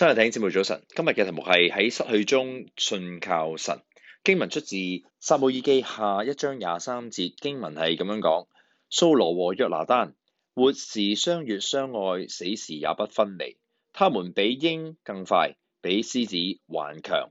今日睇節目早晨，今日嘅題目係喺失去中信靠神。經文出自撒母耳記下一章廿三節，經文係咁樣講：掃羅和約拿單活時相悅相愛，死時也不分離。他們比鷹更快，比獅子還強。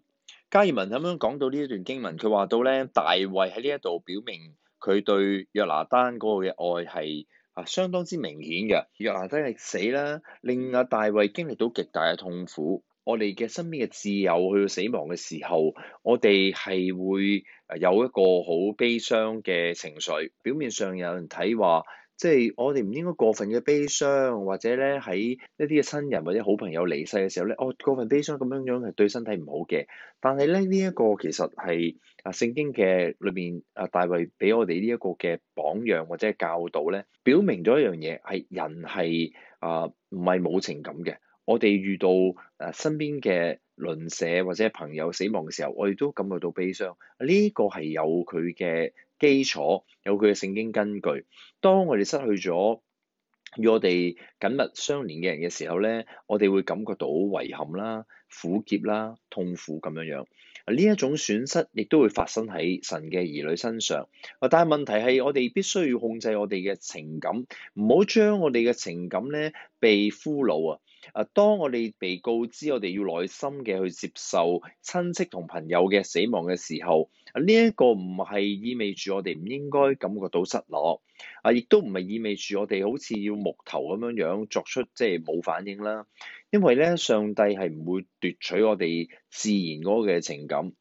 加爾文咁樣講到呢一段經文，佢話到咧，大衛喺呢一度表明佢對約拿單嗰個嘅愛係。啊，相當之明顯嘅，約拿單嘅死啦，令阿大衛經歷到極大嘅痛苦。我哋嘅身邊嘅摯友去到死亡嘅時候，我哋係會有一個好悲傷嘅情緒。表面上有人睇話。即係我哋唔應該過分嘅悲傷，或者咧喺一啲嘅親人或者好朋友離世嘅時候咧，我、哦、過分悲傷咁樣樣係對身體唔好嘅。但係咧呢一個其實係啊聖經嘅裏邊啊大衛俾我哋呢一個嘅榜樣或者教導咧，表明咗一樣嘢係人係啊唔係冇情感嘅。我哋遇到啊身邊嘅鄰舍或者朋友死亡嘅時候，我哋都感覺到悲傷。呢個係有佢嘅。基礎有佢嘅聖經根據。當我哋失去咗與我哋緊密相連嘅人嘅時候咧，我哋會感覺到遺憾啦、苦澀啦、痛苦咁樣樣。呢一種損失亦都會發生喺神嘅兒女身上。但係問題係，我哋必須要控制我哋嘅情感，唔好將我哋嘅情感咧被俘虜啊！啊！當我哋被告知我哋要耐心嘅去接受親戚同朋友嘅死亡嘅時候，啊呢一個唔係意味住我哋唔應該感覺到失落，啊亦都唔係意味住我哋好似要木頭咁樣樣作出即係冇反應啦。因為咧，上帝係唔會奪取我哋自然嗰個嘅情感。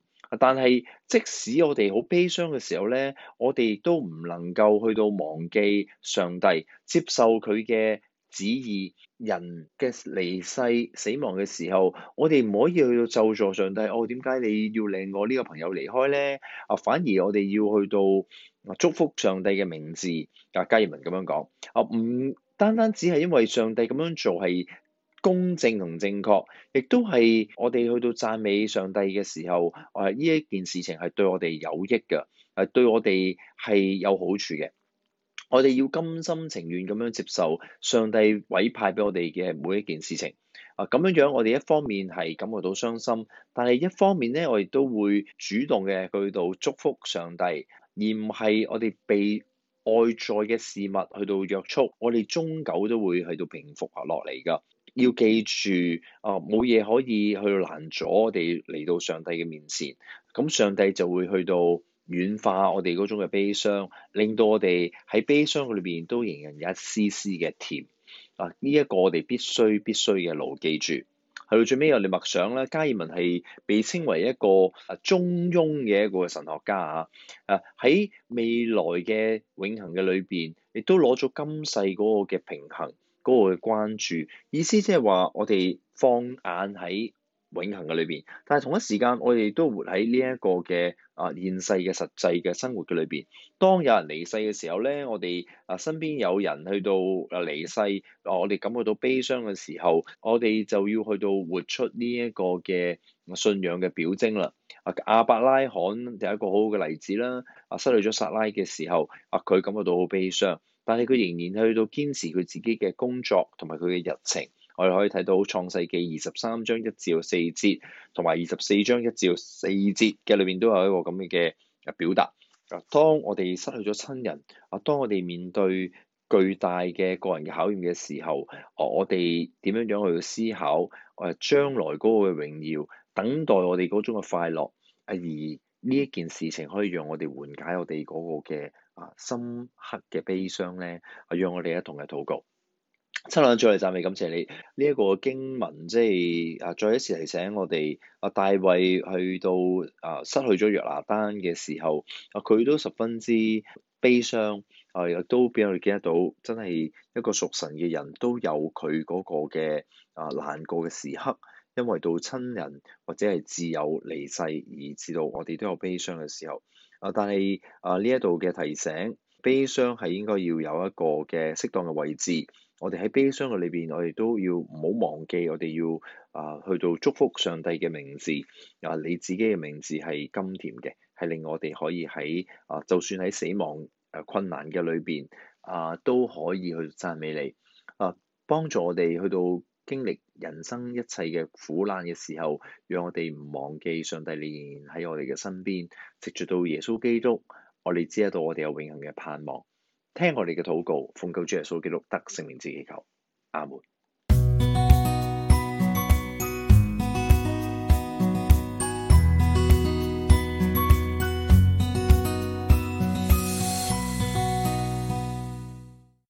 但係即使我哋好悲傷嘅時候咧，我哋亦都唔能夠去到忘記上帝，接受佢嘅旨意人嘅離世死亡嘅時候，我哋唔可以去到咒詛上帝。哦，點解你要令我呢個朋友離開咧？啊，反而我哋要去到祝福上帝嘅名字。啊，加爾文咁樣講啊，唔單單只係因為上帝咁樣做係公正同正確，亦都係我哋去到讚美上帝嘅時候，誒、啊，呢一件事情係對我哋有益嘅，誒、啊，對我哋係有好處嘅。我哋要甘心情願咁樣接受上帝委派俾我哋嘅每一件事情啊，咁樣樣我哋一方面係感覺到傷心，但係一方面咧，我哋都會主動嘅去到祝福上帝，而唔係我哋被外在嘅事物去到約束，我哋終究都會去到平復下落嚟噶。要記住啊，冇、呃、嘢可以去到攔阻我哋嚟到上帝嘅面前，咁上帝就會去到。軟化我哋嗰種嘅悲傷，令到我哋喺悲傷嘅裏邊都仍然有一絲絲嘅甜。啊，呢一個我哋必須必須嘅牢記住。去到最尾，我哋默想啦，加爾文係被稱為一個啊中庸嘅一個神學家啊。誒，喺未來嘅永恆嘅裏邊，亦都攞咗今世嗰個嘅平衡，嗰個嘅關注意思，即係話我哋放眼喺，永恆嘅裏邊，但係同一時間，我哋都活喺呢一個嘅啊現世嘅實際嘅生活嘅裏邊。當有人離世嘅時候咧，我哋啊身邊有人去到啊離世，我哋感覺到悲傷嘅時候，我哋就要去到活出呢一個嘅信仰嘅表徵啦。啊，亞伯拉罕就係一個好好嘅例子啦。啊，失去咗撒拉嘅時候，啊佢感覺到好悲傷，但係佢仍然去到堅持佢自己嘅工作同埋佢嘅日程。我哋可以睇到《創世記》二十三章一至四節，同埋二十四章一至四節嘅裏面都有一個咁嘅嘅表達。嗱、啊，當我哋失去咗親人，啊，當我哋面對巨大嘅個人嘅考驗嘅時候，啊、我哋點樣樣去思考？誒、啊，將來嗰個嘅榮耀，等待我哋嗰種嘅快樂。啊，而呢一件事情可以讓我哋緩解我哋嗰個嘅啊深刻嘅悲傷咧，啊，讓我哋一同嘅禱告。七兩再嚟，讚美感謝你。呢、這、一個經文即係啊，再一次提醒我哋啊，大衛去到啊失去咗約拿丹嘅時候啊，佢都十分之悲傷啊，亦都俾我哋見得到，真係一個屬神嘅人都有佢嗰個嘅啊難過嘅時刻，因為到親人或者係至友離世而至到我哋都有悲傷嘅時候啊，但係啊呢一度嘅提醒，悲傷係應該要有一個嘅適當嘅位置。我哋喺悲傷嘅裏邊，我哋都要唔好忘記我，我哋要啊去到祝福上帝嘅名字，啊你自己嘅名字係甘甜嘅，係令我哋可以喺啊就算喺死亡誒困難嘅裏邊啊都可以去讚美你，啊幫助我哋去到經歷人生一切嘅苦難嘅時候，讓我哋唔忘記上帝你仍然喺我哋嘅身邊，藉住到耶穌基督，我哋知道我哋有永恆嘅盼望。聽我哋嘅禱告，奉救主耶穌基督得聖靈之祈求，阿門。